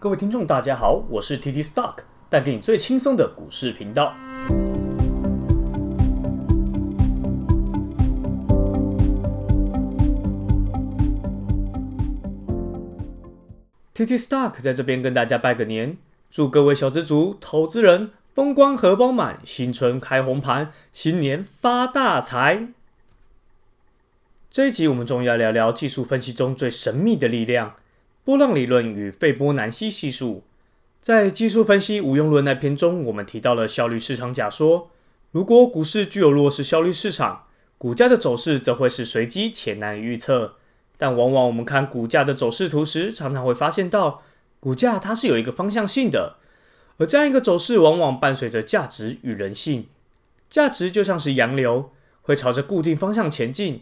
各位聽眾，大家好，我是 TT Stock，帶給你最輕鬆的股市頻道。 TT Stock 在這邊跟大家拜個年，祝各位小資族、投資人風光荷包滿，新春開紅盤，新年發大財。這一集我們終於要聊聊技術分析中最神秘的力量。波浪理論與費波南西係數，在技術分析無用論那篇中，我們提到了效率市場假說。如果股市具有弱勢效率市場，股價的走勢則會是隨機且難預測。但往往我們看股價的走勢圖時，常常會發現到股價它是有一個方向性的，而這樣一個走勢往往伴隨着價值與人性。價值就像是洋流，會朝着固定方向前進；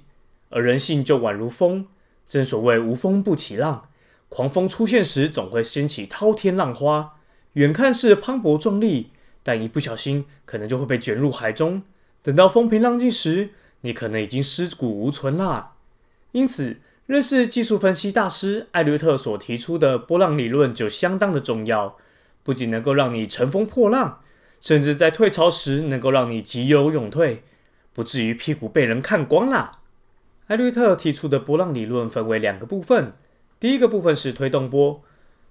而人性就宛如風，正所謂無風不起浪。狂風出現時，總會掀起滔天浪花，遠看是磅礴壯麗，但一不小心可能就會被捲入海中。等到風平浪靜時，你可能已經屍骨無存啦。因此，認識技術分析大師艾略特所提出的波浪理論就相當的重要，不僅能夠讓你乘風破浪，甚至在退潮時能夠讓你急流勇退，不至於屁股被人看光啦。艾略特提出的波浪理論分為兩個部分。第一個部分是推動波，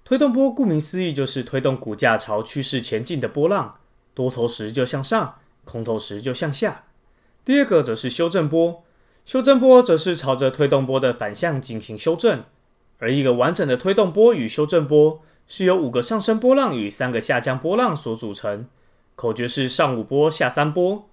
推動波顧名思義就是推動股價朝趨勢前進的波浪，多頭時就向上，空頭時就向下。第二個則是修正波，修正波則是朝着推動波的反向進行修正，而一個完整的推動波與修正波是由五個上升波浪與三個下降波浪所組成，口訣是上五波、下三波。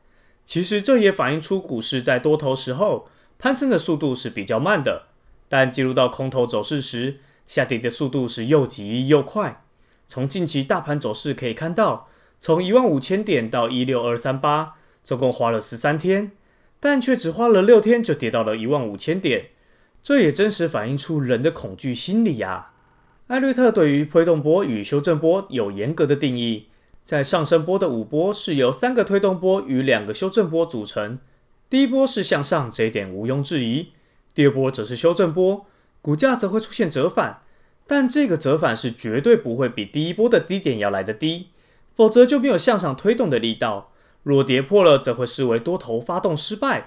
其實這也反映出股市在多頭時候攀升的速度是比較慢的。但進入到空頭走勢時，下跌的速度是又急又快。從近期大盤走勢可以看到，從一萬五千點到一六二三八，總共花了十三天，但卻只花了六天就跌到了一萬五千點。這也真實反映出人的恐懼心理呀、啊。艾略特對於推動波與修正波有嚴格的定義，在上升波的五波是由三個推動波與兩個修正波組成，第一波是向上，這一點毋庸置疑。第二波則是修正波，股價則會出現折返，但這個折返是絕對不會比第一波的低點要來得低，否則就沒有向上推動的力道。若跌破了，則會視為多頭發動失敗。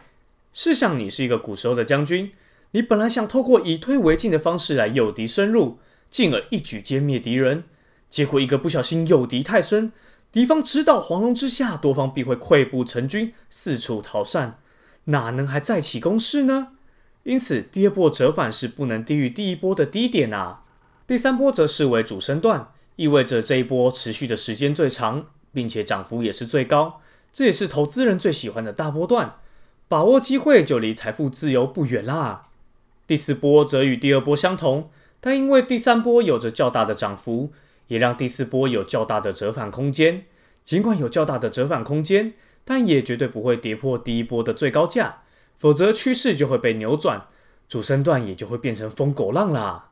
試想，你是一個古時候的將軍，你本來想透過以退為進的方式來誘敵深入，進而一舉殲滅敵人，結果一個不小心誘敵太深，敵方直搗黃龍之下，多方必會潰不成軍，四處逃散，哪能還再起攻勢呢？因此，第二波折返是不能低於第一波的低點啊。第三波則視為主升段，意味着這一波持續的時間最長，並且漲幅也是最高。這也是投資人最喜歡的大波段，把握機會就離財富自由不遠啦。第四波則與第二波相同，但因為第三波有着較大的漲幅，也讓第四波有較大的折返空間。儘管有較大的折返空間，但也絕對不會跌破第一波的最高價。否則趨勢就會被扭轉，主升段也就會變成瘋狗浪啦。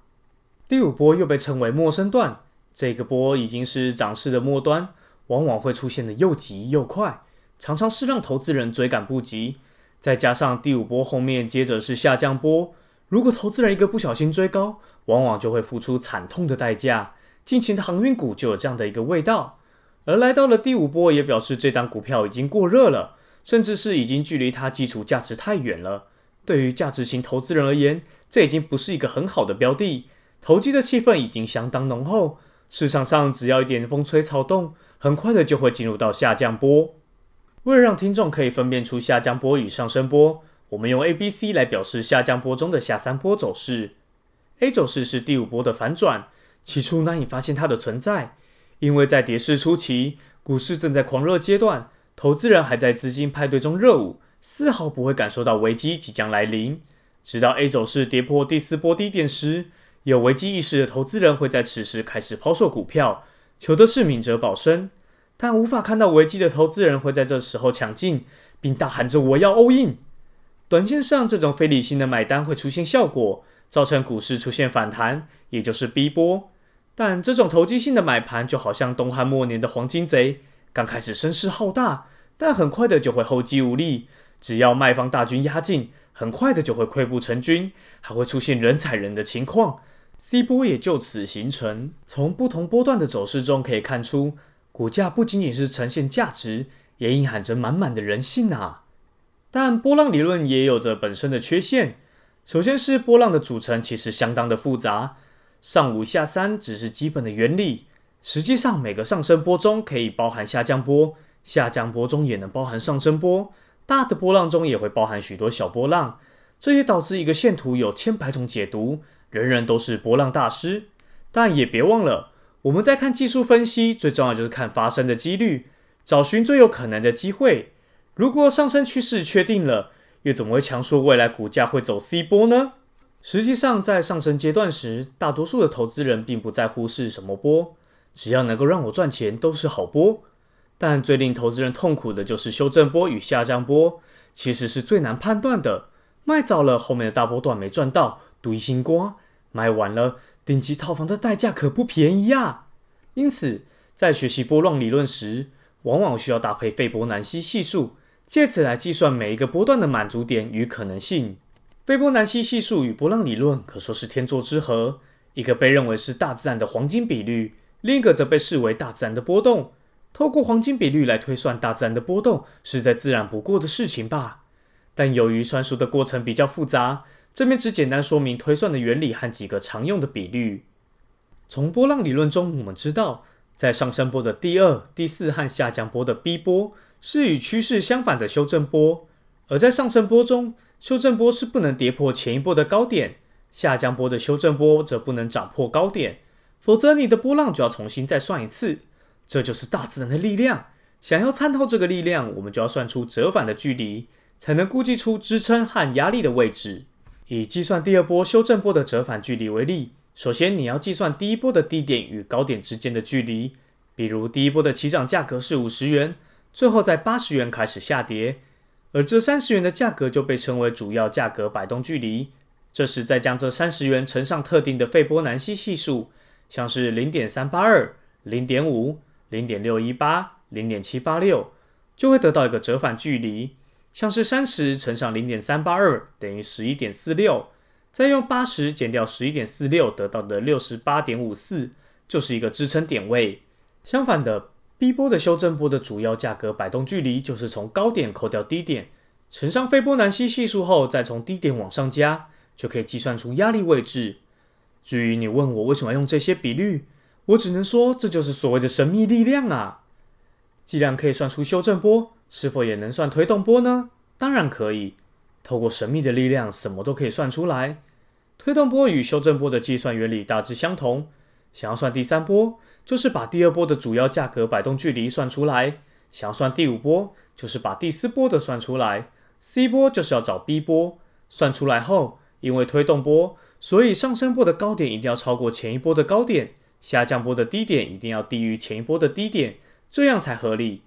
第五波又被稱為末升段，這個波已經是漲勢的末端，往往會出現的又急又快，常常是讓投資人追趕不及。再加上第五波後面接着是下降波，如果投資人一個不小心追高，往往就會付出慘痛的代價。近期的航運股就有這樣的一個味道，而來到了第五波也表示這檔股票已經過熱了。甚至是已經距離它基礎價值太遠了。對於價值型投資人而言，這已經不是一個很好的標的。投機的氣氛已經相當濃厚，市場上只要一點風吹草動，很快的就會進入到下降波。為了讓聽眾可以分辨出下降波與上升波，我們用 A、B、C 來表示下降波中的下三波走勢。A 走勢是第五波的反轉，起初難以發現它的存在，因為在跌勢初期，股市正在狂熱階段。投資人還在資金派對中熱舞，絲毫不會感受到危機即將來臨。直到 A 走勢跌破第四波低點時，有危機意識的投資人會在此時開始拋售股票，求的是明哲保身。但無法看到危機的投資人會在這時候搶進，並大喊着“我要 all in”。短線上，這種非理性的買單會出現效果，造成股市出現反彈，也就是 B 波。但這種投機性的買盤，就好像東漢末年的黃巾賊。剛開始聲勢浩大，但很快的就會後繼無力。只要賣方大軍壓境，很快的就會潰不成軍，還會出現人踩人的情況。C 波也就此形成。從不同波段的走勢中可以看出，股價不僅僅是呈現價值，也隱含着滿滿的人性啊！但波浪理論也有着本身的缺陷。首先是波浪的組成其實相當的複雜，上五下三只是基本的原理。實際上，每個上升波中可以包含下降波，下降波中也能包含上升波，大的波浪中也會包含許多小波浪。這也導致一個線圖有千百種解讀，人人都是波浪大師。但也別忘了，我們在看技術分析，最重要就是看發生的幾率，找尋最有可能的機會。如果上升趨勢確定了，又怎麼會強說未來股價會走 C 波呢？實際上，在上升階段時，大多數的投資人並不在乎是什麼波。只要能夠讓我賺錢，都是好波。但最令投資人痛苦的就是修正波與下降波，其實是最難判斷的。賣早了，後面的大波段沒賺到，獨一新瓜；賣晚了，頂級套房的代價可不便宜啊。因此，在學習波浪理論時，往往需要搭配費波南西係數，借此來計算每一個波段的滿足點與可能性。費波南西係數與波浪理論可說是天作之合，一個被認為是大自然的黃金比率。另一個則被視為大自然的波動，透過黃金比率來推算大自然的波動，是再自然不過的事情吧？但由於算術的過程比較複雜，這邊只簡單說明推算的原理和幾個常用的比率。從波浪理論中，我們知道，在上升波的第二、第四和下降波的 B 波是與趨勢相反的修正波，而在上升波中，修正波是不能跌破前一波的高點，下降波的修正波則不能漲破高點。否則你的波浪就要重新再算一次。這就是大自然的力量。想要參透這個力量，我們就要算出折返的距離，才能估計出支撐和壓力的位置。以計算第二波修正波的折返距離為例，首先你要計算第一波的低點與高點之間的距離。比如第一波的起漲價格是五十元，最後在八十元開始下跌，而這三十元的價格就被稱為主要價格擺動距離。這時再將這三十元乘上特定的費波南西係數。像是零點三八二、零點五、零點六一八、零點七八六，就會得到一個折返距離。像是三十乘上零點三八二等於十一點四六，再用八十減掉十一點四六得到的六十八點五四，就是一個支撐點位。相反的，B 波的修正波的主要價格擺動距離，就是從高點扣掉低點，乘上費波南西係數後再從低點往上加，就可以計算出壓力位置。至於你問我為什麼要用這些比率，我只能說這就是所謂的神秘力量啊！既然可以算出修正波，是否也能算推動波呢？當然可以，透過神秘的力量，什麼都可以算出來。推動波與修正波的計算原理大致相同。想要算第三波，就是把第二波的主要價格擺動距離算出來；想要算第五波，就是把第四波的算出來。C 波就是要找 B 波，算出來後，因為推動波。所以上升波的高點一定要超過前一波的高點，下降波的低點一定要低於前一波的低點，這樣才合理。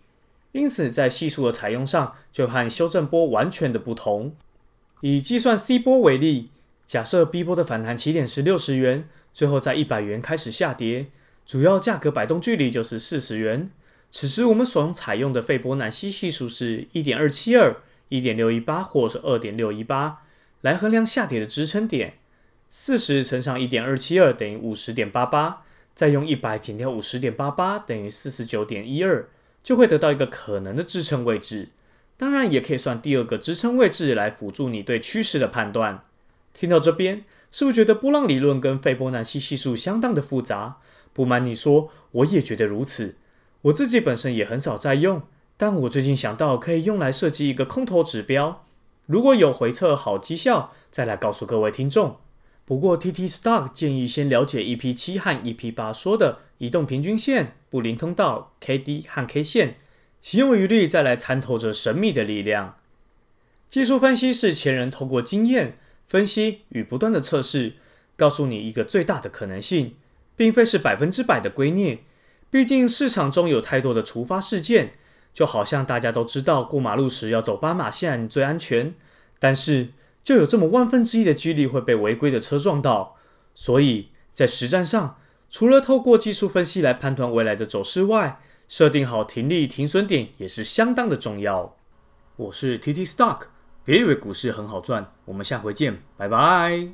因此在係數的採用上就和修正波完全的不同。以計算 C 波為例，假設 B 波的反彈起點是六十元，最後在一百元開始下跌，主要價格擺動距離就是四十元。此時我們所用採用的費波南西係數是一點二七二、一點六一八或者是二點六一八，來衡量下跌的支撐點。四十乘上一點二七二等於五十點八八，再用一百減掉五十點八八等於四十九點一二，就會得到一個可能的支撐位置。當然，也可以算第二個支撐位置來輔助你對趨勢的判斷。聽到這邊，是不是覺得波浪理論跟費波南西係數相當的複雜？不瞞你說，我也覺得如此。我自己本身也很少在用，但我最近想到可以用來設計一個空頭指標。如果有回測好績效，再來告訴各位聽眾。不過，TT Stock 建議先了解 EP7 和 EP8 說的移動平均線、布林通道、K D 和 K 線，行有餘力再來參透這神秘的力量。技術分析是前人透過經驗分析與不斷的測試，告訴你一個最大的可能性，並非是百分之百的圭臬。畢竟市場中有太多的觸發事件，就好像大家都知道過馬路時要走斑馬線最安全，但是就有這麼萬分之一的幾率會被違規的車撞到，所以在實戰上，除了透過技術分析來判斷未來的走勢外，設定好停利、停損點也是相當的重要。我是 TT Stock，別以為股市很好賺，我們下回見，拜拜。